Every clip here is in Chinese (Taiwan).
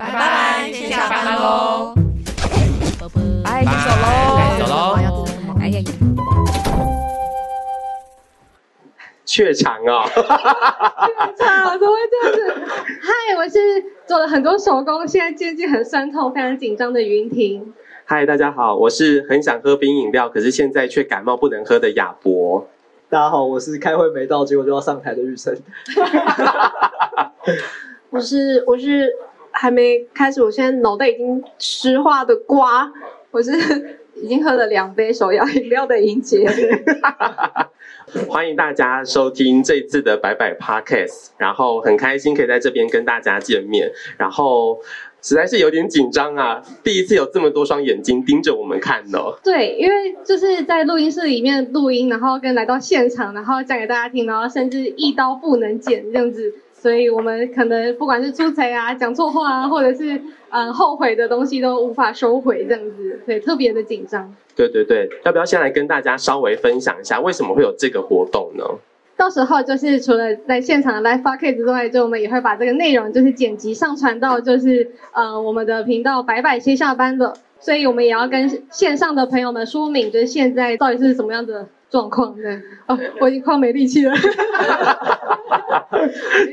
拜拜，先下班嘍。拜拜，走嘍。走嘍。哎呀，你怯場哦。怯 場怎麼會這樣子？嗨，我是做了很多手工，現在肩頸很酸痛，非常緊張的雲婷。嗨，大家好，我是很想喝冰飲料，可是現在卻感冒不能喝的亞博。大家好，我是開會沒到，結果就要上台的玉生 我是我是。還沒開始，我現在腦袋已經石化的瓜，我是已經喝了兩杯手搖飲料的音姐。歡迎大家收聽這一次的百百 Podcast，然後很開心可以在這邊跟大家見面，然後實在是有點緊張啊，第一次有這麼多雙眼睛盯着我們看哦。對，因為就是在錄音室裡面錄音，然後跟來到現場，然後講給大家聽，然後甚至一刀不能剪這樣子。所以我們可能不管是出錯啊、講錯話啊，或者是嗯、呃、後悔的東西都無法收回，這樣子，對，特別的緊張。對對對，要不要先來跟大家稍微分享一下為什麼會有這個活動呢？到時候就是除了在現場的 live podcast 之外，就我們也會把這個內容就是剪輯上傳到就是呃我們的頻道百百先下班的，所以我們也要跟線上的朋友們說明，就是現在到底是什麼樣的。狀況，對。哦，我已經快沒力氣了。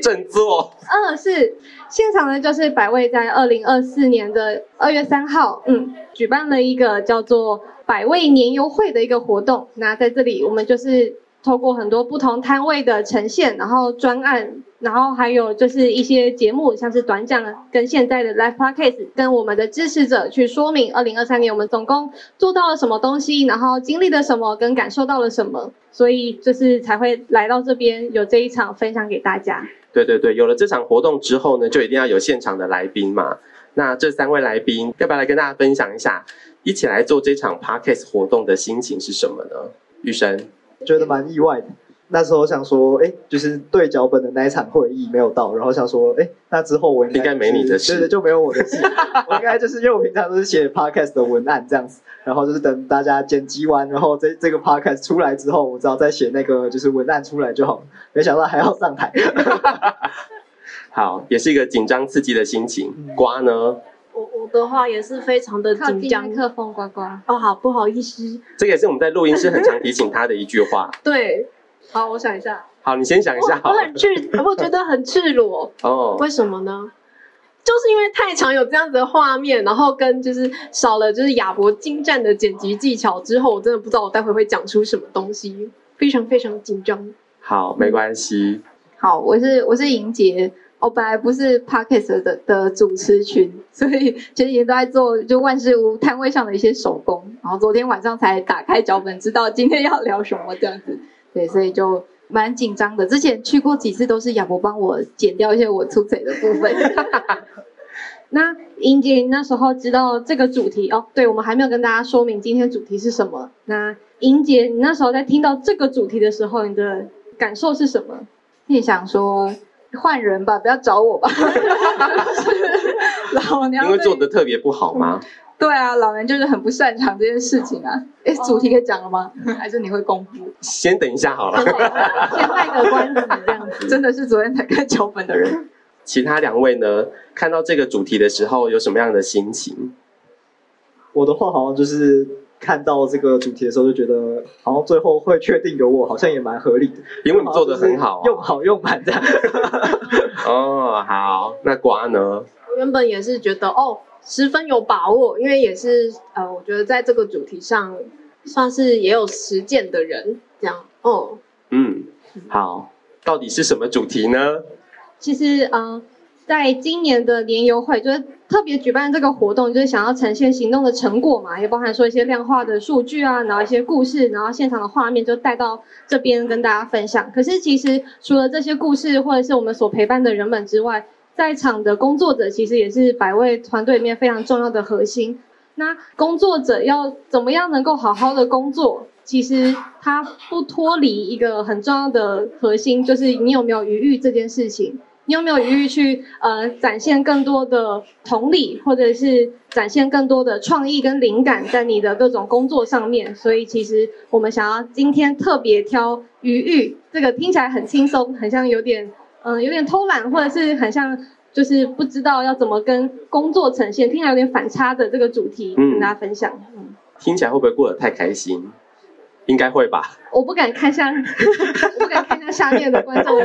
振 作。嗯，是現場呢，就是百味在2024年的2月3號，嗯，舉辦了一個叫做“百味年遊會”的一個活動。那在這裡，我們就是透過很多不同攤位的呈現，然後專案。然後還有就是一些節目，像是短講的，跟現在的 LIVE Podcast，跟我們的支持者去說明二零二三年我們總共做到了什麼東西，然後經歷了什麼，跟感受到了什麼，所以就是才會來到這邊有這一場分享給大家。對對對，有了這場活動之後呢，就一定要有現場的來賓嘛。那這三位來賓要不要來跟大家分享一下，一起來做這場 Podcast 活動的心情是什麼呢？雨生覺得蠻意外的。那時候想說，哎、欸，就是對腳本的那一場會議沒有到，然後想說，哎、欸，那之後我應該、就是、沒你的事。對對對，就沒有我的事。 我應該就是因為，我平常都是寫 podcast 的文案這樣子，然後就是等大家剪輯完，然後這這個 podcast 出來之後，我只要再寫那個就是文案出來就好了。沒想到還要上台， 好，也是一個緊張刺激的心情。瓜呢？我我的話也是非常的緊張，麥克風瓜瓜哦，好不好意思，這個、也是我們在錄音室很常提醒他的一句話。 對。好，我想一下。好，你先想一下。我，我很赤，我覺得很赤裸。哦， 為什麼呢？就是因為太常有這樣子的畫面，然後跟就是少了就是亞博精湛的剪輯技巧之後，我真的不知道我待會會講出什麼東西，非常非常緊張。好，沒關係。好，我是我是瑩杰，我、哦、本來不是 Podcast 的的主持群，所以前幾天都在做就萬事屋攤位上的一些手工，然後昨天晚上才打開腳本，知道今天要聊什麼這樣子。對，所以就蠻緊張的。之前去過幾次，都是亞伯幫我剪掉一些我粗嘴的部分。 那瑩姐，你那時候知道這個主題哦？對，我們還沒有跟大家說明今天主題是什麼？那瑩姐，你那時候在聽到這個主題的時候，你的感受是什麼？你想說換人吧，不要找我吧？老 娘 你會做的特別不好嗎？ 對啊，老人就是很不擅長這件事情啊。哎，主題可以講了嗎？ 還是你會公布？先等一下好了，先賣個關子這樣子。真的是昨天才看腳本的人。其他兩位呢？看到這個主題的時候有什麼樣的心情？我的話好像就是看到這個主題的時候就覺得，好像最後會確定有我，好像也蠻合理的，因 為你做得很好、啊， 用好用滿的。哦 ，oh, 好，那瓜呢？我原本也是覺得哦。十分有把握，因為也是呃，我覺得在這個主題上，算是也有實踐的人這樣哦。嗯，好，到底是什麼主題呢？其實嗯、呃，在今年的園遊會，就是特別舉辦這個活動，就是想要呈現行動的成果嘛，也包含說一些量化的數據啊，然後一些故事，然後現場的畫面就帶到這邊跟大家分享。可是其實除了這些故事或者是我們所陪伴的人們之外，在場的工作者其實也是百味團隊裡面非常重要的核心。那工作者要怎麼樣能夠好好的工作？其實它不脫離一個很重要的核心，就是你有沒有餘裕這件事情。你有沒有餘裕去呃展現更多的同理，或者是展現更多的創意跟靈感在你的各種工作上面？所以其實我們想要今天特別挑餘裕，這個聽起來很輕鬆，很像有點。嗯，有點偷懶，或者是很像，就是不知道要怎麼跟工作呈現，聽起來有點反差的這個主題跟大家分享。嗯，聽起來會不會過得太開心？應該會吧。我不敢看向， 不敢看向下面的觀眾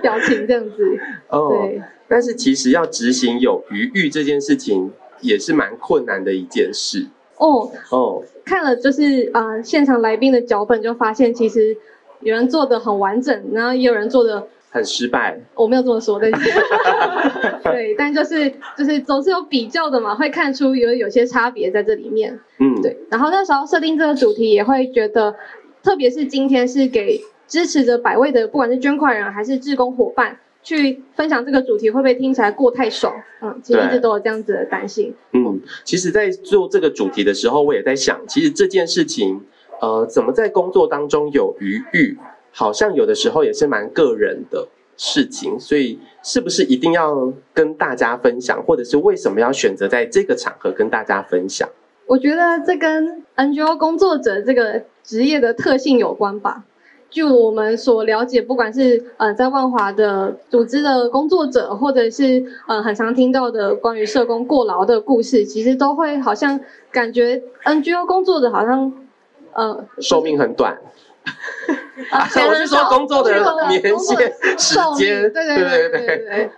表情這樣子。哦。對。但是其實要執行有餘裕這件事情，也是蠻困難的一件事。哦。哦，看了就是呃現場來賓的腳本就發現，其實有人做得很完整，然後也有人做得。很失敗，我沒有這麼說，對， 對，但就是就是總是有比較的嘛，會看出有有些差別在這裡面，嗯，對。然後那時候設定這個主題，也會覺得，特別是今天是給支持着百味的，不管是捐款人還是志工夥伴，去分享這個主題，會不會聽起來過太爽？嗯，其實一直都有這樣子的擔心。嗯，其實在做這個主題的時候，我也在想，其實這件事情，呃，怎麼在工作當中有餘裕？好像有的時候也是蠻個人的事情，所以是不是一定要跟大家分享，或者是為什麼要選擇在這個場合跟大家分享？我覺得這跟 NGO 工作者這個職業的特性有關吧。就我們所了解，不管是呃在萬華的組織的工作者，或者是呃很常聽到的關於社工過勞的故事，其實都會好像感覺 NGO 工作者好像呃壽命很短。 okay，我是說工作的人年限、時間，對對對對對，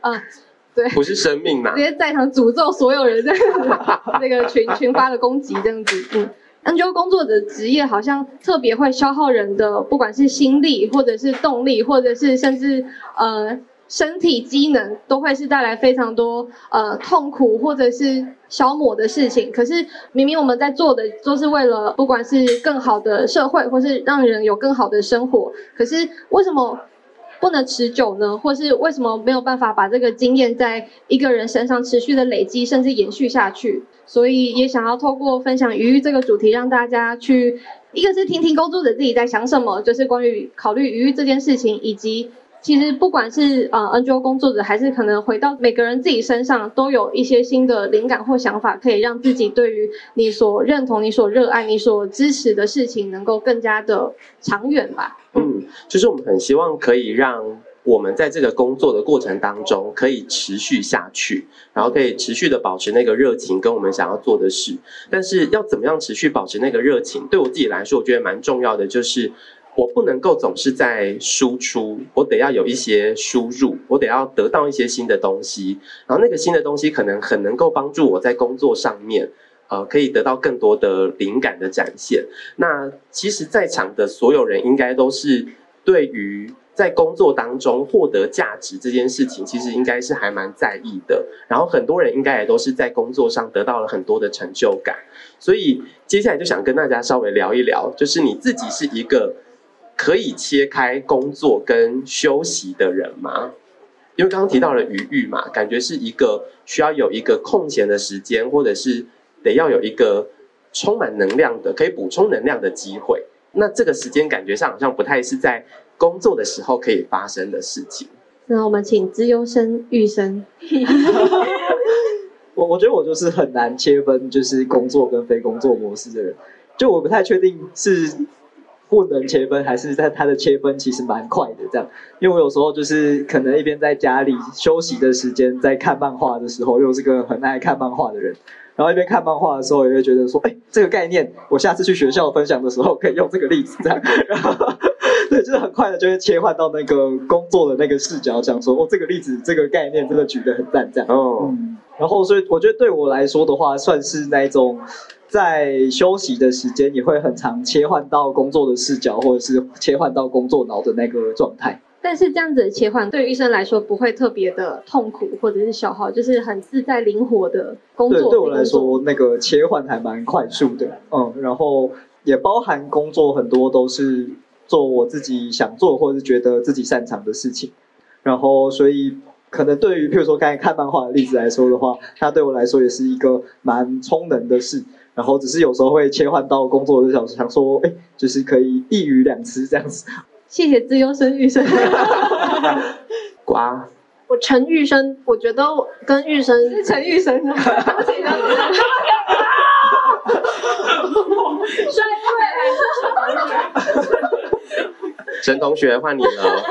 對，不是生命嘛、啊，直接在場詛咒所有人這樣、個、子， 這個群群發的攻擊這樣子，嗯，N 就工作的職業好像特別會消耗人的，不管是心力或者是動力，或者是甚至呃。身體機能都會是帶來非常多呃痛苦或者是消磨的事情，可是明明我們在做的都是為了不管是更好的社會或是讓人有更好的生活，可是為什麼不能持久呢？或是為什麼沒有辦法把這個經驗在一個人身上持續的累積甚至延續下去？所以也想要透過分享餘裕這個主題，讓大家去一個是聽聽工作者自己在想什麼，就是關於考慮餘裕這件事情以及。其實不管是呃 NGO 工作者，還是可能回到每個人自己身上，都有一些新的靈感或想法，可以讓自己對於你所認同、你所熱愛、你所支持的事情，能夠更加的長遠吧。嗯，就是我們很希望可以讓我們在這個工作的過程當中可以持續下去，然後可以持續的保持那個熱情跟我們想要做的事。但是要怎麼樣持續保持那個熱情，對我自己來說，我覺得蠻重要的就是。我不能夠總是在輸出，我得要有一些輸入，我得要得到一些新的東西，然後那個新的東西可能很能夠幫助我在工作上面，呃，可以得到更多的靈感的展現。那其實，在場的所有人應該都是對於在工作當中獲得價值這件事情，其實應該是還蠻在意的。然後很多人應該也都是在工作上得到了很多的成就感，所以接下來就想跟大家稍微聊一聊，就是你自己是一個。可以切開工作跟休息的人嗎？因為剛剛提到了餘裕嘛，感覺是一個需要有一個空閒的時間，或者是得要有一個充滿能量的、可以補充能量的機會。那這個時間感覺上好像不太是在工作的時候可以發生的事情。那我們請資優生育生，育生 我我覺得我就是很難切分，就是工作跟非工作模式的人，就我不太確定是。不能切分，還是在它的切分其實蠻快的，這樣。因為我有時候就是可能一邊在家裡休息的時間，在看漫畫的時候，又是個很愛看漫畫的人，然後一邊看漫畫的時候，也會覺得說，哎、欸，這個概念，我下次去學校分享的時候可以用這個例子，這樣。然後，對，就是很快的就會切換到那個工作的那個視角，想說，哦，這個例子，這個概念，真的舉得很贊，這樣。哦、然後，所以我覺得對我來說的話，算是那一種。在休息的時間也會很常切換到工作的視角，或者是切換到工作腦的那個狀態。但是這樣子的切換對於醫生來說不會特別的痛苦或者是消耗，就是很自在靈活的工作。對，對我來說那個切換還蠻快速的，嗯，然後也包含工作很多都是做我自己想做或者是覺得自己擅長的事情，然後所以可能對於譬如說剛才看漫畫的例子來說的話，它對我來說也是一個蠻充能的事。然後只是有時候會切換到工作的時候想說，哎，就是可以一魚兩吃這樣子。謝謝自由生玉生。 呱！我陳玉生，我覺得我跟玉生。是陳玉生啊。 對不起 陳同學換你了。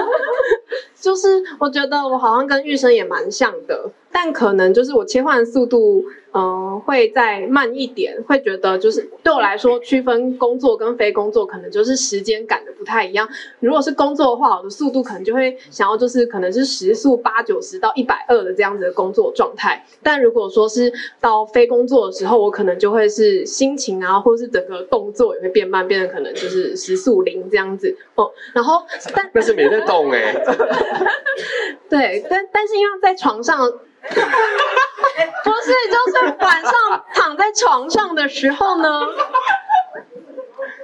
就是我覺得我好像跟玉生也蠻像的。但可能就是我切換速度，嗯、呃，會再慢一點，會覺得就是對我來說，區分工作跟非工作，可能就是時間感的不太一樣。如果是工作的話，我的速度可能就會想要就是可能是時速八九十到一百二的這樣子的工作狀態。但如果說是到非工作的時候，我可能就會是心情啊，或是整個動作也會變慢，變得可能就是時速零這樣子哦。然後，但是沒在動誒、欸， 對，但但是因為在床上。 不是，就是晚上躺在床上的時候呢。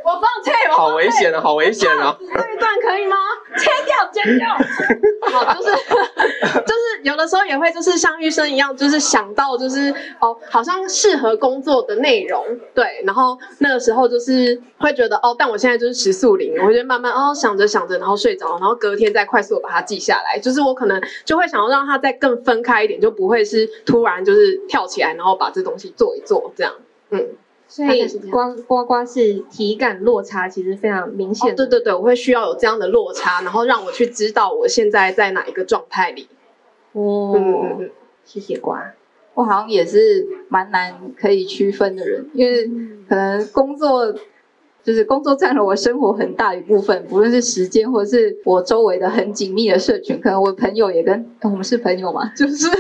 我放棄，我放棄。好危險啊！好危險啊！這一段可以嗎？切掉，切掉。 好，就是就是有的時候也會就是像醫生一樣，就是想到就是哦，好像適合工作的內容，對。然後那個時候就是會覺得哦，但我現在就是時速零，我會覺得慢慢哦，想着想着，然後睡着，然後隔天再快速把它記下來。就是我可能就會想要讓它再更分開一點，就不會是突然就是跳起來，然後把這東西做一做這樣，嗯。所以刮刮刮是體感落差，其實非常明顯，哦。對對對，我會需要有這樣的落差，然後讓我去知道我現在在哪一個狀態裡。哦，嗯，謝謝瓜。我好像也是蠻難可以區分的人，因為可能工作。就是工作佔了我生活很大一部分，不論是時間或者是我周圍的很緊密的社群，可能我朋友也跟我們是朋友嘛，就是是吧？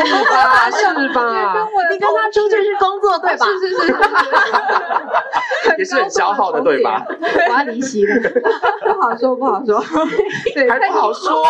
是 吧？你跟他出去是工作對吧？是是是，對對對，也是很消耗的對吧？我要離席了， 不好說，不好說，對，還不好說。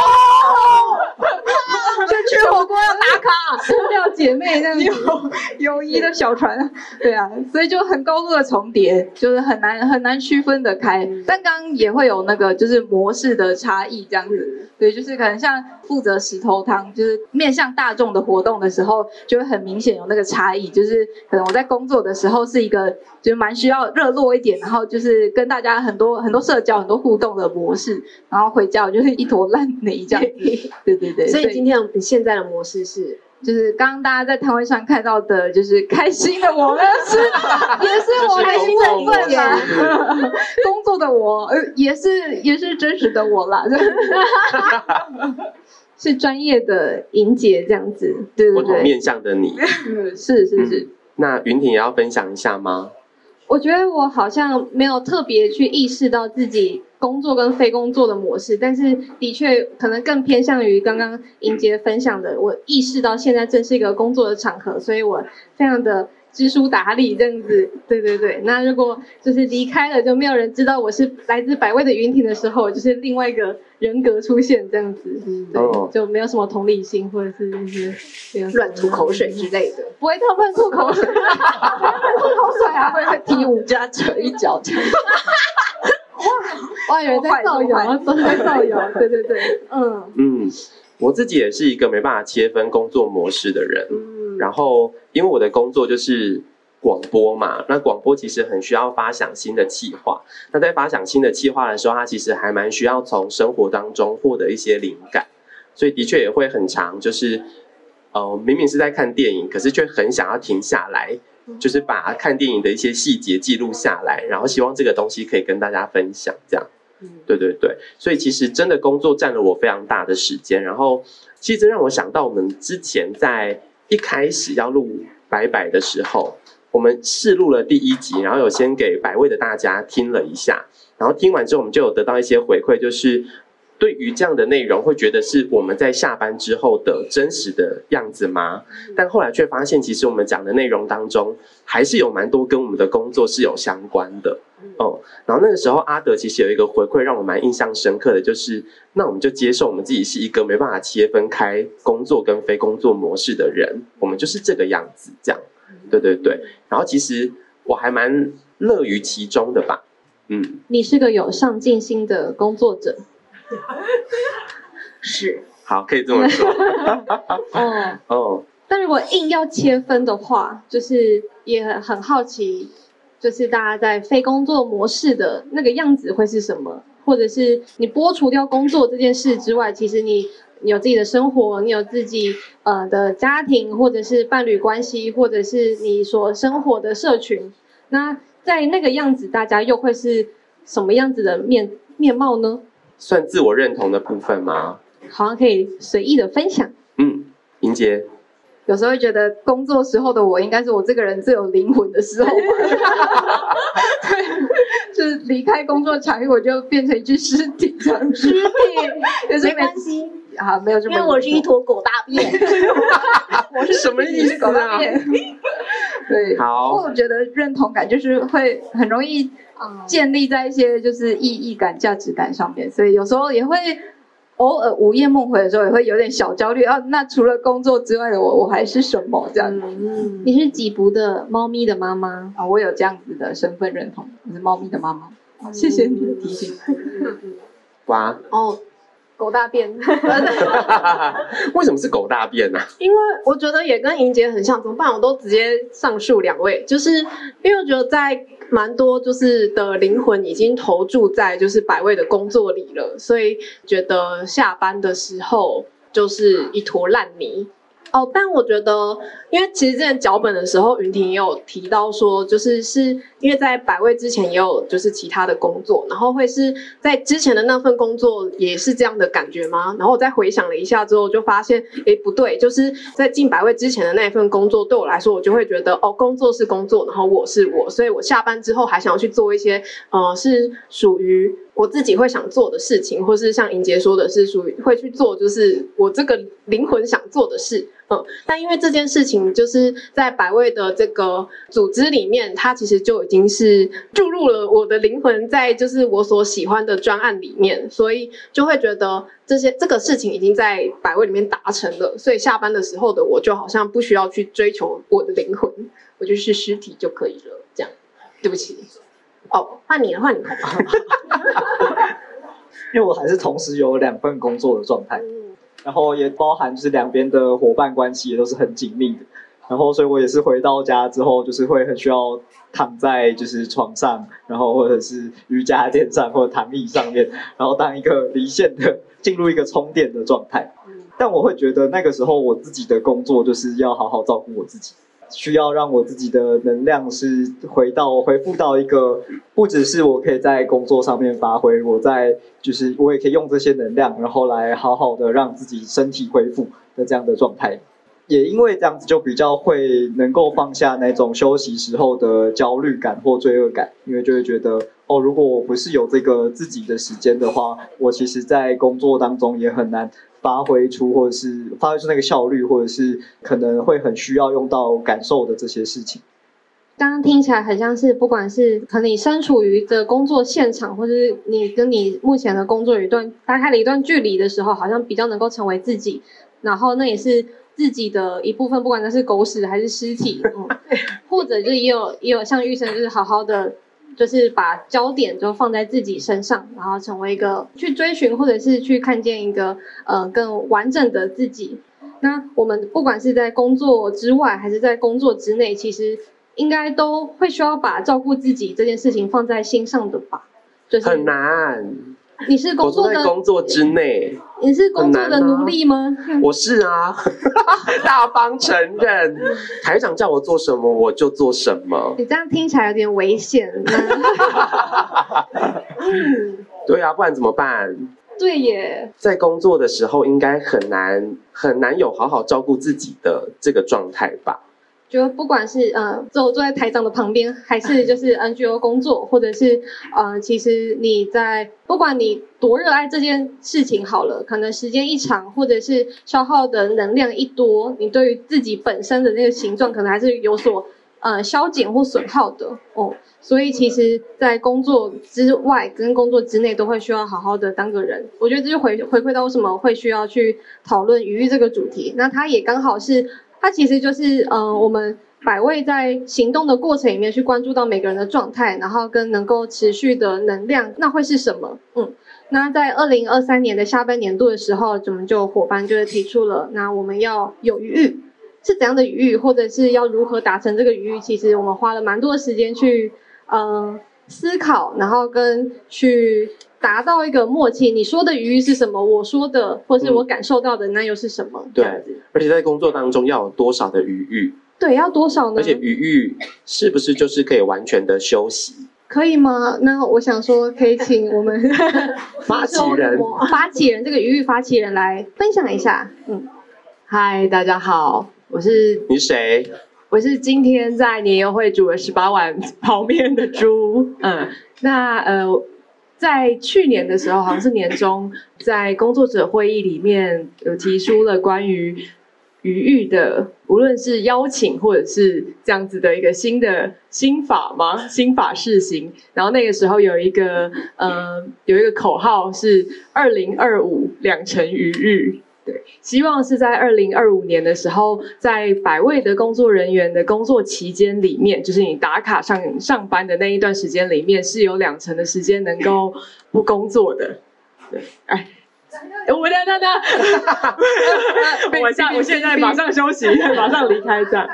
吃火鍋要打卡，塑 料姐妹這樣 有，友誼的小船對，對啊，所以就很高度的重疊，就是很難很難區分得開。嗯、但剛剛也會有那個就是模式的差異這樣子，嗯，對，就是可能像負責石頭湯，就是面向大眾的活動的時候，就會很明顯有那個差異，就是可能我在工作的時候是一個就是，蠻需要熱絡一點，然後就是跟大家很多很多社交很多互動的模式，然後回家我就是一坨爛泥這樣子，對對對，對對。所以今天我們現現在的模式是，就是剛剛大家在攤位上看到的，就是開心的我們 是，也是我開心的營、就是、工，工作的我，呃、也是也是真實的我啦， 是專業的迎姐這樣子，對不對？我面向的你，嗯、是是是。嗯、那雲婷也要分享一下嗎？我覺得我好像沒有特別去意識到自己。工作跟非工作的模式，但是的確可能更偏向於剛剛迎傑分享的。我意識到現在正是一個工作的場合，所以我非常的知書達理這樣子。對對對，那如果就是離開了，就沒有人知道我是來自百味的云庭的時候，就是另外一個人格出現這樣子。哦。就沒有什麼同理心或者是一亂、哦、吐口水之類的， 不會亂吐口水。 吐口水， 吐口水 對啊！ 對啊 會會踢吳家哲一腳這樣。 子 哇，我還以為在造謠，真的在造謠。 對對對，嗯嗯，我自己也是一個沒辦法切分工作模式的人。嗯，然後因為我的工作就是廣播嘛，那廣播其實很需要發想新的企劃。那在發想新的企劃的時候，它其實還蠻需要從生活當中獲得一些靈感。所以的確也會很常，就是哦、呃、明明是在看電影，可是卻很想要停下來。就是把看電影的一些細節記錄下來，然後希望這個東西可以跟大家分享。這樣，對對對，所以其實真的工作佔了我非常大的時間。然後，其實這讓我想到，我們之前在一開始要錄《百百》的時候，我們試錄了第一集，然後有先給百味的大家聽了一下，然後聽完之後，我們就有得到一些回饋，就是。對於這樣的內容，會覺得是我們在下班之後的真實的樣子嗎？但後來卻發現其實我們講的內容當中還是有蠻多跟我們的工作是有相關的哦。然後那個時候，阿德其實有一個回饋讓我蠻印象深刻的就是，那我們就接受我們自己是一個沒辦法切分開工作跟非工作模式的人，我們就是這個樣子這樣。對對對，然後其實我還蠻樂於其中的吧。嗯，你是個有上進心的工作者。 是，好，可以這麼說。哦 哦、嗯，oh. 但如果硬要切分的話，就是也很好奇，就是大家在非工作模式的那個樣子會是什麼？或者是你剝除掉工作這件事之外，其實你有自己的生活，你有自己呃的家庭，或者是伴侶關係，或者是你所生活的社群，那在那個樣子，大家又會是什麼樣子的面面貌呢？.算自我認同的部分嗎？好像可以隨意的分享。嗯，英傑，有時候會覺得工作時候的我，應該是我這個人最有靈魂的時候 對，就是離開工作場域，我就變成一具屍體，成屍體沒關係好、啊、沒有這麼有，因為我是一坨狗大便。 我是 什麼意思、啊？狗大便？對，好。但我覺得認同感就是會很容易建立在一些就是意義感、價值感上面，所以有時候也會偶爾午夜夢回的時候也會有點小焦慮。哦、啊，那除了工作之外的我，我還是什麼？這樣，嗯、你是吉部的貓咪的媽媽啊、哦？我有這樣子的身份認同，你是貓咪的媽媽。哦、謝謝你的、嗯嗯嗯、提醒。嗯嗯、 哇哦。狗大便， 為什麼是狗大便呢、啊？因為我覺得也跟瑩姐很像，怎麼辦？我都直接上述兩位，就是因為我覺得在蠻多就是的靈魂已經投注在就是百味的工作裡了，所以覺得下班的時候就是一坨爛泥。嗯哦，但我覺得，因為其實之前腳本的時候，雲婷也有提到說，就是是因為在百味之前也有就是其他的工作，然後會是在之前的那份工作也是這樣的感覺嗎？然後我再回想了一下之後，就發現，哎，不對，就是在進百味之前的那一份工作，對我來說，我就會覺得，哦，工作是工作，然後我是我，所以我下班之後還想要去做一些，呃，是屬於。我自己會想做的事情，或是像尹杰說的是屬於會去做，就是我這個靈魂想做的事，嗯。但因為這件事情就是在百味的這個組織裡面，它其實就已經是注入了我的靈魂在就是我所喜歡的專案裡面，所以就會覺得這些這個事情已經在百味裡面達成了，所以下班的時候的我就好像不需要去追求我的靈魂，我就是屍體就可以了，這樣。對不起。哦，換你了，換你了， 因為，我還是同時有兩份工作的狀態。嗯，然後也包含就是兩邊的夥伴關係也都是很緊密的，然後所以我也是回到家之後，就是會很需要躺在就是床上，然後或者是瑜伽墊上或者躺椅上面，然後當一個離線的進入一個充電的狀態。嗯，但我會覺得那個時候我自己的工作就是要好好照顧我自己，需要讓我自己的能量是回到，回復恢復到一個不只是我可以在工作上面發揮，我在就是我也可以用這些能量，然後來好好的讓自己身體恢復的這樣的狀態。也因為這樣子，就比較會能夠放下那種休息時候的焦慮感或罪惡感，因為就會覺得哦，如果我不是有這個自己的時間的話，我其實，在工作當中也很難發揮出或者是發揮出那個效率，或者是可能會很需要用到感受的這些事情。剛剛聽起來很像是，不管是可能你身處於的工作現場，或是你跟你目前的工作有一段大概了一段距離的時候，好像比較能夠成為自己，然後那也是。自己的一部分，不管它是狗屎還是屍體，嗯，對，或者就也有也有像玉生，就是好好的，就是把焦點都放在自己身上，然後成為一個去追尋或者是去看見一個呃更完整的自己。那我們不管是在工作之外還是在工作之內，其實應該都會需要把照顧自己這件事情放在心上的吧？就是很難。你是工作在工作之內，你是工作的奴隸嗎？我是啊，大方承認， 台長叫我做什麼我就做什麼。你這樣聽起來有點危險啊 嗯。對啊，不然怎麼辦？對耶，在工作的時候應該很難很難有好好照顧自己的這個狀態吧。就不管是呃坐坐在台長的旁邊，還是就是 NGO 工作，或者是呃，其實你在不管你多熱愛這件事情好了，可能時間一長，或者是消耗的能量一多，你對於自己本身的那個形狀，可能還是有所呃消減或損耗的哦。所以其實，在工作之外跟工作之內，都會需要好好的當個人。我覺得這就回回饋到為什麼會需要去討論餘裕這個主題。那它也剛好是。它其實就是，呃，我們百味在行動的過程裡面去關注到每個人的狀態，然後跟能夠持續的能量，那會是什麼？嗯，那在二零二三年的下半年度的時候，怎麼就夥伴就會提出了，那我們要有餘裕，是怎樣的餘裕，或者是要如何達成這個餘裕？其實我們花了蠻多的時間去，嗯、呃，思考，然後跟去。達到一個默契，你說的餘裕是什麼？我說的，或是我感受到的，那又是什麼？嗯、對，而且在工作當中要有多少的餘裕？對，要多少呢？而且餘裕是不是就是可以完全的休息？可以嗎？那我想說，可以請我們 發起人， 發起人這個餘裕發起人來分享一下。嗯，嗨，大家好，我是你是誰？我是今天在年會煮了十八碗泡麵的豬。 嗯，那呃。在去年的時候，好像是年中，在工作者會議裡面有提出了關於餘裕的，無論是邀請或者是這樣子的一個新的新法嗎？新法試行。然後那個時候有一個呃，有一個口號是“二零二五兩成餘裕”。對,希望是在二零二五年的時候，在百味的工作人員的工作期間裡面，就是你打卡上上班的那一段時間裡面，是有兩成的時間能夠不工作的。對哎，等等 我的的的，我現在馬上休息，馬上離開這樣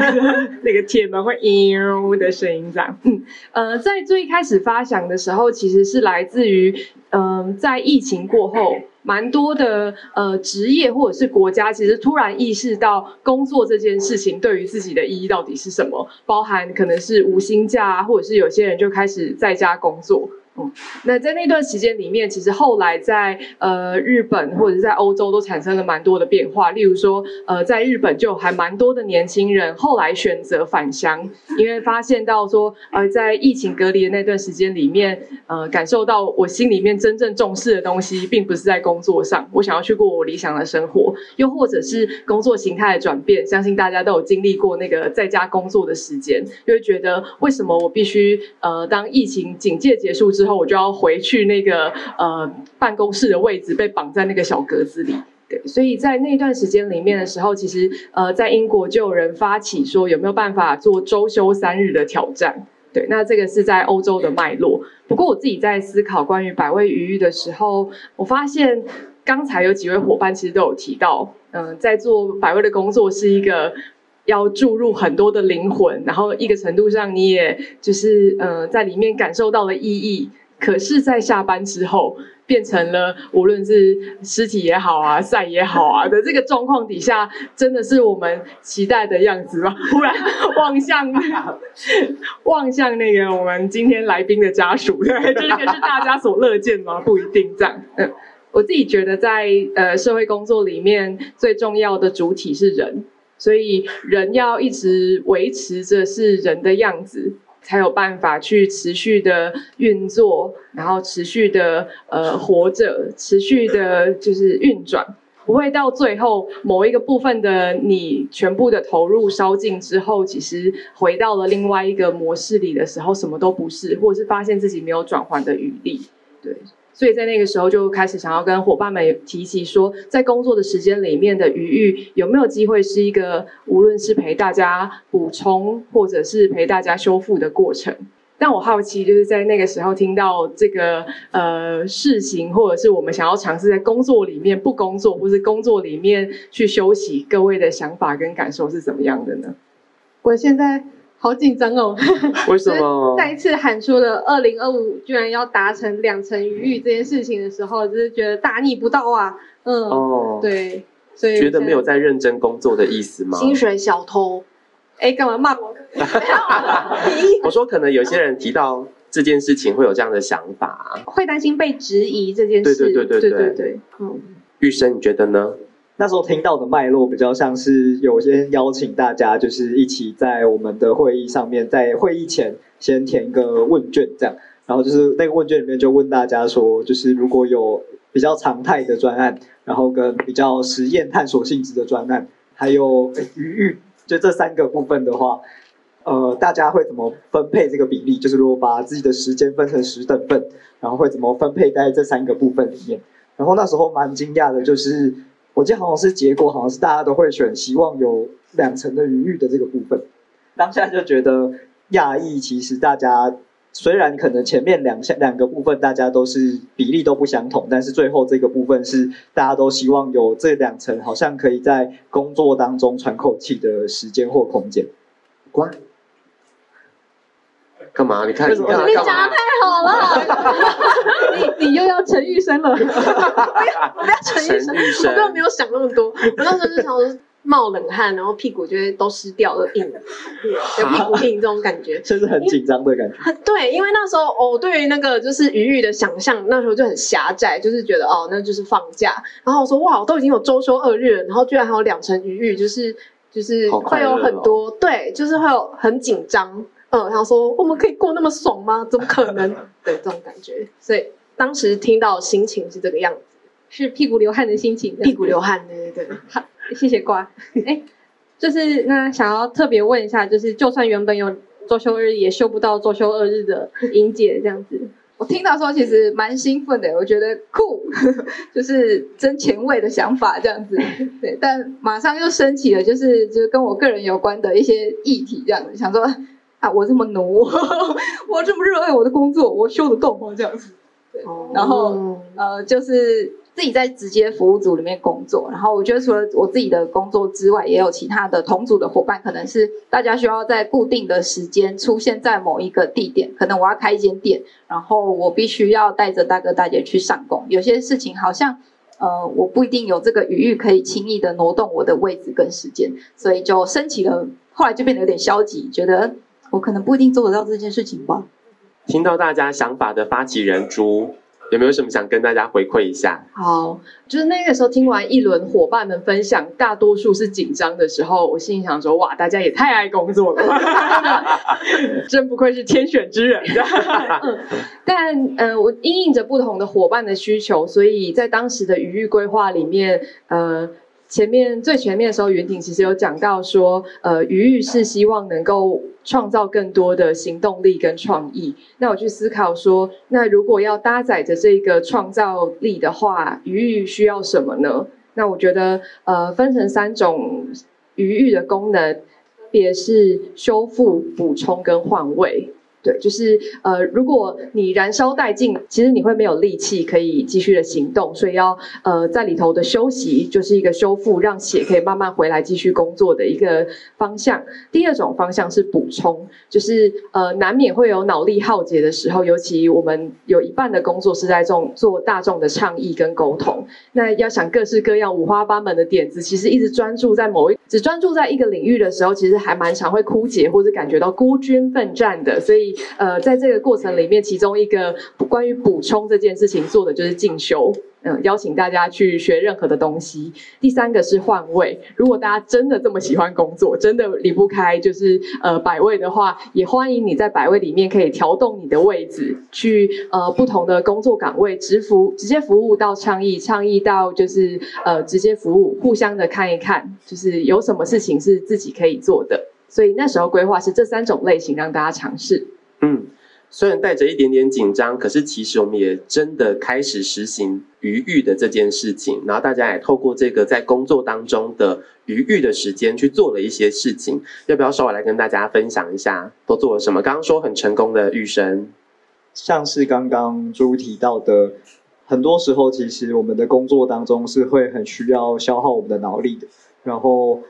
那個鐵門會“嚶”的聲音這樣，長、嗯。呃，在最開始發想的時候，其實是來自於，嗯、呃，在疫情過後。蠻多的呃職業或者是國家，其實突然意識到工作這件事情對於自己的意義到底是什麼，包含可能是無薪假啊，或者是有些人就開始在家工作。哦、嗯，那在那段時間裡面，其實後來在呃日本或者在歐洲都產生了蠻多的變化。例如說，呃，在日本就還蠻多的年輕人後來選擇返鄉，因為發現到說，呃，在疫情隔離的那段時間裡面，呃，感受到我心裡面真正重視的東西，並不是在工作上，我想要去過我理想的生活，又或者是工作形態的轉變。相信大家都有經歷過那個在家工作的時間，就會覺得為什麼我必須呃，當疫情警戒結束之後。之後我就要回去那個呃辦公室的位置，被綁在那個小格子裡。對，所以在那一段時間裡面的時候，其實呃在英國就有人發起說有沒有辦法做周休三日的挑戰。對，那這個是在歐洲的脈絡。不過我自己在思考關於百味餘裕的時候，我發現剛才有幾位夥伴其實都有提到，嗯、呃，在做百味的工作是一個。要注入很多的靈魂，然後一個程度上，你也就是呃在裡面感受到了意義。可是，在下班之後，變成了無論是屍體也好啊、善也好啊的這個狀況底下，真的是我們期待的樣子嗎？忽然望向望向那個我們今天來賓的家屬，對，這 個是，是大家所樂見嗎？不一定這樣嗯、呃，我自己覺得在，在呃社會工作裡面，最重要的主體是人。所以，人要一直維持着是人的樣子，才有辦法去持續的運作，然後持續的呃活着，持續的就是運轉，不會到最後某一個部分的你全部的投入燒盡之後，其實回到了另外一個模式裡的時候，什麼都不是，或者是發現自己沒有轉換的餘力，對。所以在那個時候就開始想要跟夥伴們提起，說在工作的時間裡面的餘裕有沒有機會是一個，無論是陪大家補充或者是陪大家修復的過程。但我好奇就是在那個時候聽到這個呃事情，或者是我們想要嘗試在工作裡面不工作，或者是工作裡面去休息，各位的想法跟感受是怎麼樣的呢？我現在。好緊張哦！為什麼 再一次喊出了“二零二五居然要達成兩成餘裕”這件事情的時候，嗯，就是覺得大逆不道啊！嗯，哦，對，所以覺得沒有在認真工作的意思嗎？薪水小偷，哎，欸，幹嘛罵我？ 我說可能有些人提到這件事情會有這樣的想法，啊，會擔心被質疑這件事。嗯，對對對對對對，對對對，嗯，玉生，你覺得呢？那時候聽到的脈絡比較像是，有先邀請大家就是一起在我們的會議上面，在會議前先填一個問卷，這樣，然後就是那個問卷裡面就問大家說，就是如果有比較常態的專案，然後跟比較實驗探索性質的專案，還有餘裕，就這三個部分的話，呃，大家會怎麼分配這個比例？就是如果把自己的時間分成十等份，然後會怎麼分配在這三個部分裡面？然後那時候蠻驚訝的就是。我記得好像是結果，好像是大家都會選希望有兩層的餘裕的這個部分。當下就覺得亞裔其實大家雖然可能前面兩下兩個部分大家都是比例都不相同，但是最後這個部分是大家都希望有這兩層，好像可以在工作當中喘口氣的時間或空間。幹嘛？你看你你講得太好了 你，你你又要陳玉生了 不，不要不要陳玉生，我都沒有想那麼多。我那時候就想就是冒冷汗，然後屁股就會都濕掉了，就硬了，有屁股硬這種感覺，就、啊、是很緊張的感覺很。對，因為那時候我、哦、對於那個就是餘裕的想象，那時候就很狹窄，就是覺得哦，那就是放假。然後我說哇，我都已經有週休二日了，然後居然還有兩成餘裕，就是就是會有很多、哦，對，就是會有很緊張。嗯、哦，然後說：“我們可以過那麼爽嗎？怎麼可能？對，這種感覺，所以當時聽到心情是這個樣子，是屁股流汗的心情。”屁股流汗，對，對對。好，謝謝瓜。 就是那想要特別問一下，就是就算原本有週休日也休不到週休二日的英姐這樣子， 我聽到說其實蠻興奮的，我覺得酷，就是真前衛的想法這樣子。對，但馬上又升起了就是就跟我個人有關的一些議題這樣子，想說。啊！我這麼奴，我這麼熱愛我的工作，我休得動嗎？這樣子，對。然後呃，就是自己在直接服務組裡面工作。然後我覺得，除了我自己的工作之外，也有其他的同組的伙伴，可能是大家需要在固定的時間出現在某一個地點。可能我要開一間店，然後我必須要帶着大哥大姐去上工。有些事情好像呃，我不一定有這個餘裕可以輕易的挪動我的位置跟時間，所以就升起了，後來就變得有點消極，覺得。我可能不一定做得到這件事情吧。聽到大家想法的發起人朱，有沒有什麼想跟大家回饋一下？好，就是那個時候聽完一輪夥伴們分享，大多數是緊張的時候，我心裡想說，哇，大家也太愛工作了， 真不愧是天選之人。 嗯、但，嗯、呃，我因應著不同的夥伴的需求，所以在當時的餘裕規劃裡面，呃。前面最前面的時候，雲頂其實有講到說，呃，餘裕是希望能夠創造更多的行動力跟創意。那我去思考說，那如果要搭載着這個創造力的話，餘裕需要什麼呢？那我覺得，呃，分成三種餘裕的功能，分別是修復、補充跟換位。對，就是呃，如果你燃燒殆盡，其實你會沒有力氣可以繼續的行動，所以要呃在裡頭的休息就是一個修復，讓血可以慢慢回來繼續工作的一個方向。第二種方向是補充，就是呃難免會有腦力耗竭的時候，尤其我們有一半的工作是在這種做大眾的倡議跟溝通，那要想各式各樣五花八門的點子，其實一直專注在某一個，只專注在一個領域的時候，其實還蠻常會枯竭或是感覺到孤軍奮戰的，所以。呃，在這個過程裡面，其中一個關於補充這件事情做的就是進修，嗯、呃，邀請大家去學任何的東西。第三個是換位，如果大家真的這麼喜歡工作，真的離不開就是呃百味的話，也歡迎你在百味裡面可以調動你的位置，去呃不同的工作崗位，直服直接服務到倡議，倡議到就是呃直接服務，互相的看一看，就是有什麼事情是自己可以做的。所以那時候規劃是這三種類型讓大家嘗試。嗯，雖然帶着一點點緊張，可是其實我們也真的開始實行餘裕的這件事情。然後大家也透過這個在工作當中的餘裕的時間去做了一些事情。要不要稍微來跟大家分享一下，都做了什麼？剛剛說很成功的餘生，像是剛剛朱提到的，很多時候其實我們的工作當中是會很需要消耗我們的腦力的。然後。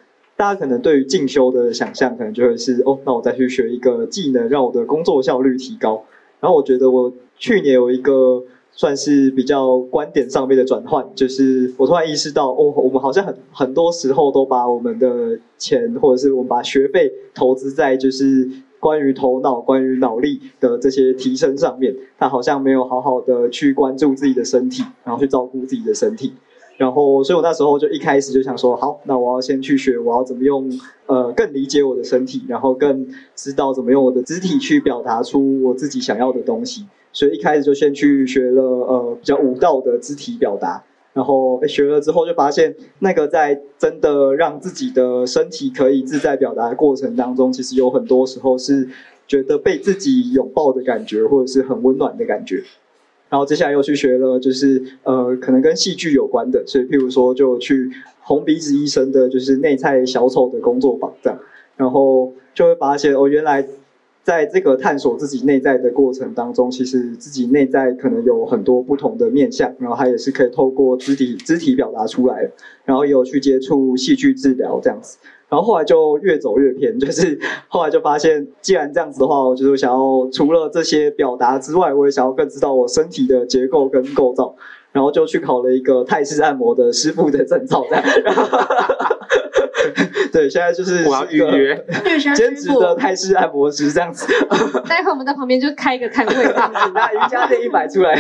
大家可能對於進修的想象可能就會是哦，那我再去學一個技能，讓我的工作效率提高。然後我覺得我去年有一個算是比較觀點上面的轉換，就是我突然意識到，哦，我們好像很很多時候都把我們的錢，或者是我們把學費投資在就是關於頭腦、關於腦力的這些提升上面，他好像沒有好好的去關注自己的身體，然後去照顧自己的身體。然後，所以我那時候就一開始就想說，好，那我要先去學，我要怎麼用，呃，更理解我的身體，然後更知道怎麼用我的肢體去表達出我自己想要的東西。所以一開始就先去學了，呃，比較舞蹈的肢體表達。然後學了之後，就發現那個在真的讓自己的身體可以自在表達的過程當中，其實有很多時候是覺得被自己擁抱的感覺，或者是很溫暖的感覺。然後接下來又去學了，就是呃，可能跟戲劇有關的，所以譬如說就去紅鼻子醫生的，就是內在小丑的工作坊這樣，然後就會發現，哦，原來在這個探索自己內在的過程當中，其實自己內在可能有很多不同的面向，然後它也是可以透過肢體肢體表達出來的，然後也有去接觸戲劇治療這樣子。然後後來就越走越偏，就是後來就發現，既然這樣子的話，我就是想要除了這些表達之外，我也想要更知道我身體的結構跟構造，然後就去考了一個泰式按摩的師傅的證照這樣。 對，現在就是我要預約兼職的泰式按摩師這樣子。 待會我們在旁邊就開一個開會，那瑜伽墊一擺出來，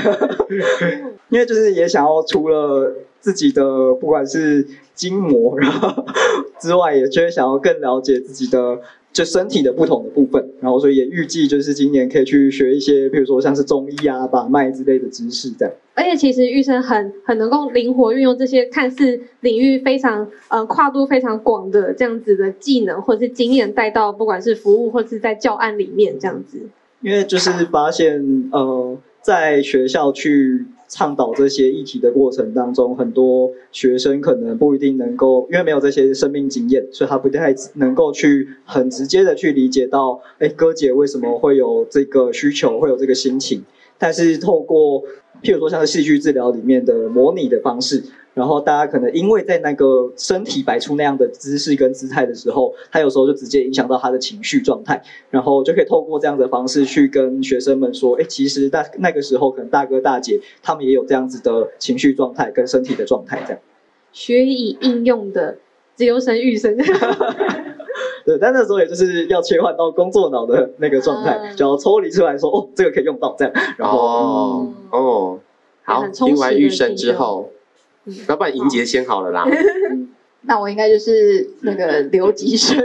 因為就是也想要除了自己的不管是筋膜，然後。之外，也就會想要更了解自己的，就身體的不同的部分，然後所以也預計就是今年可以去學一些，譬如說像是中醫啊、把脈之類的知識這樣。而且其實玉生很很能夠靈活運用這些看似領域非常呃跨度非常廣的這樣子的技能或者是經驗帶到不管是服務或是在教案裡面這樣子。因為就是發現呃，在學校去。倡導這些議題的過程當中，很多學生可能不一定能夠，因為沒有這些生命經驗，所以他不太能夠去很直接的去理解到，哎、欸，哥姐為什麼會有這個需求，會有這個心情。但是透過，譬如說，像是戲劇治療裡面的模擬的方式。然後大家可能因為在那個身體擺出那樣的姿勢跟姿態的時候，他有時候就直接影響到他的情緒狀態，然後就可以透過這樣的方式去跟學生們說，哎，其實大那個時候可能大哥大姐他們也有這樣子的情緒狀態跟身體的狀態這樣。學以應用的自由神浴神。神 對，但那時候也就是要切換到工作腦的那個狀態，uh, 就要抽離出來說，哦，這個可以用到這樣。然後哦，好、oh, 嗯 oh.，聽完浴身之後。那不然瑩杰先好了啦。 那我應該就是那個留級生。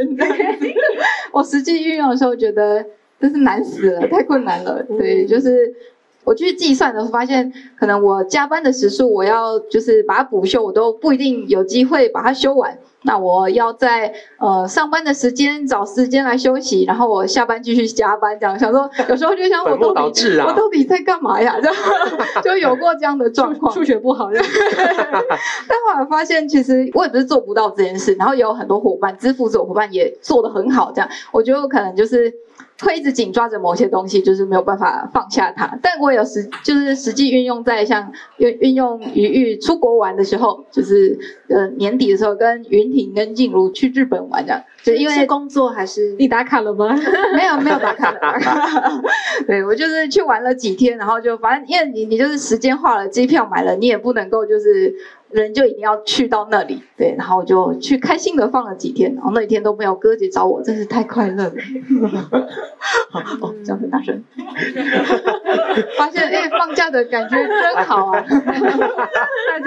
我實際運用的時候覺得真是難死了，太困難了。對，就是我去計算的時候發現，可能我加班的時數，我要就是把它補休，我都不一定有機會把它修完。那我要在呃上班的時間找時間來休息，然後我下班繼續加班，這樣想說有時候就想我到底、啊、我到底在幹嘛呀？這樣就有過這樣的狀況， 數學不好這樣， 但後來發現其實我也不是做不到這件事，然後也有很多夥伴、資深夥伴也做得很好，這樣我覺得我可能就是。會一直緊抓着某些東西，就是沒有辦法放下它。但我有實就是實際運用在像運運用於欲出國玩的時候，就是呃年底的時候跟云婷跟靜茹去日本玩的，就因為是工作還是你打卡了嗎？沒有沒有打卡了。 對我就是去玩了幾天，然後就反正因為你你就是時間花了，機票買了，你也不能夠就是。人就一定要去到那裡，對，然後我就去開心的放了幾天，然後那一天都沒有哥姐找我，真是太快樂了。哦、 嗯，這樣很大聲。 發現、欸、放假的感覺真好啊！ 大家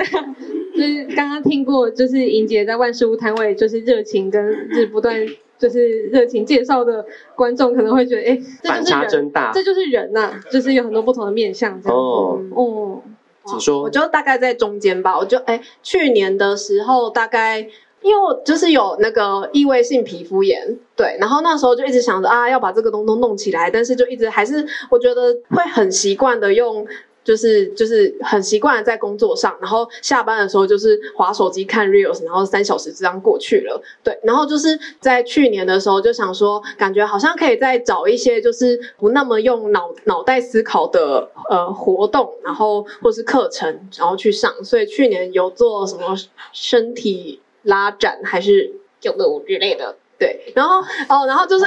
就是剛剛聽過，就是瑩姐在萬事物攤位，就是熱情跟斷，就是不斷就是熱情介紹的觀眾，可能會覺得哎、欸，反差真大，這就是人啊，就是有很多不同的面向。」這哦。嗯哦啊、我就大概在中間吧，我就哎、欸，去年的時候大概，因為我就是有那個異位性皮膚炎，對，然後那時候就一直想着啊，要把這個東東弄起來，但是就一直還是我覺得會很習慣的用。就是就是很習慣在工作上，然後下班的時候就是滑手機看 reels，然後三小時這樣過去了。對，然後就是在去年的時候就想說，感覺好像可以再找一些就是不那麼用腦腦袋思考的呃活動，然後或是課程，然後去上。所以去年有做什麼身體拉展還是跳個舞之類的。對，然後哦，然後就是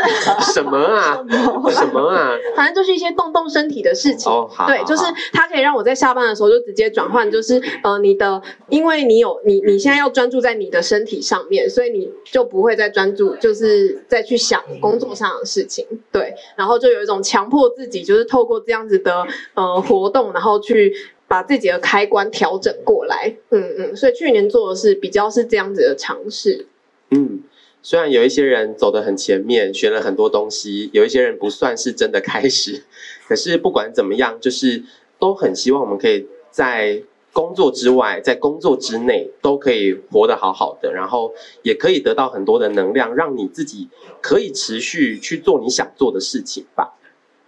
什麼啊什麼？什麼啊？反正就是一些動動身體的事情。哦，好。對，就是它可以讓我在下班的時候就直接轉換，就是呃，你的，因為你有你你現在要專注在你的身體上面，所以你就不會再專注，就是再去想工作上的事情。對，然後就有一種強迫自己，就是透過這樣子的呃活動，然後去把自己的開關調整過來。嗯嗯，所以去年做的是比較是這樣子的嘗試。嗯。雖然有一些人走得很前面，學了很多東西；有一些人不算是真的開始。可是不管怎麼樣，就是都很希望我們可以在工作之外、在工作之內都可以活得好好的，然後也可以得到很多的能量，讓你自己可以持續去做你想做的事情吧。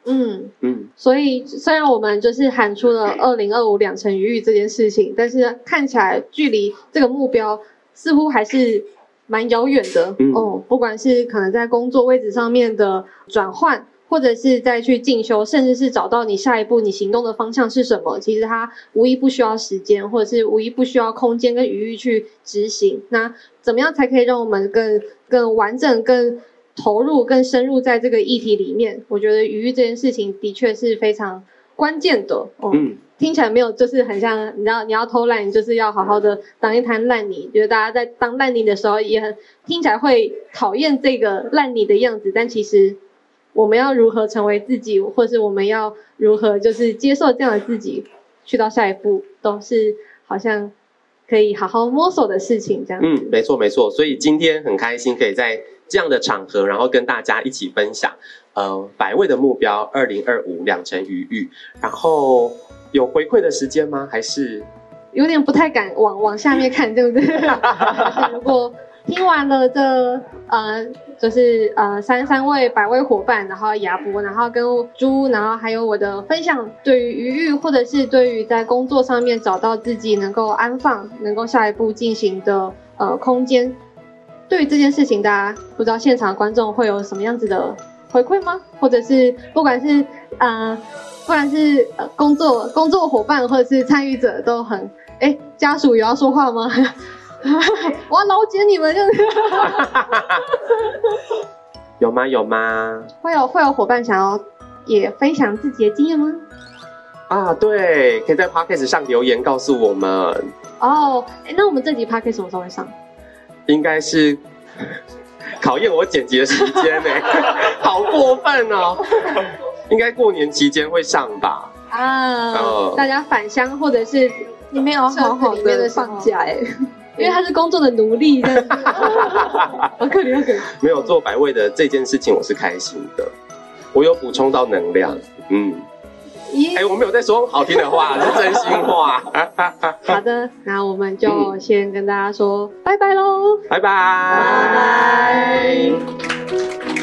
嗯嗯。所以雖然我們就是喊出了“二零二五兩成餘裕”這件事情，但是看起來距離這個目標似乎還是。蠻遙遠的、嗯、哦，不管是可能在工作位置上面的轉換，或者是再去進修，甚至是找到你下一步你行動的方向是什麼，其實它無一不需要時間，或者是無一不需要空間跟餘裕去執行。那怎麼樣才可以讓我們更更完整、更投入、更深入在這個議題裡面？我覺得餘裕這件事情的確是非常關鍵的哦。嗯聽起來沒有，就是很像你知道，你要偷懶，你就是要好好的當一灘爛泥。覺得，大家在當爛泥的時候，也很聽起來會討厭這個爛泥的樣子，但其實我們要如何成為自己，或是我們要如何就是接受這樣的自己，去到下一步，都是好像可以好好摸索的事情這樣。嗯，沒錯沒錯。所以今天很開心可以在這樣的場合，然後跟大家一起分享，呃，百味的目標二零二五兩成餘裕，然後。有回饋的時間嗎？還是有點不太敢往往下面看，對不對？ 如果聽完了這呃，就是呃三三位百味夥伴，然後雅伯，然後跟豬，然後還有我的分享，對於餘裕，或者是對於在工作上面找到自己能夠安放、能夠下一步進行的呃空間，對於這件事情，啊，大家不知道現場觀眾會有什麼樣子的。回饋嗎？或者是不管是啊、呃，不管是、呃、工作工作夥伴或者是參與者都很哎，家屬有要說話嗎？ 我要老姐你們 有嗎？有嗎？會有會有夥伴想要也分享自己的經驗嗎？啊，對，可以在 podcast 上留言告訴我們。哦，哎，那我們這集 podcast 什麼時候會上？應該是。 考驗我剪輯的時間呢，好過分哦、喔！應該過年期間會上吧？啊，大家返鄉或者是你沒有好好的放假，因為他是工作的奴隸，好可憐好可憐。沒有做百味的這件事情，我是開心的，我有補充到能量，嗯。哎、yeah. 欸，我沒有在說好聽的話，是真心話。 好的，那我們就先跟大家說拜拜嘍，拜拜，拜拜。Bye bye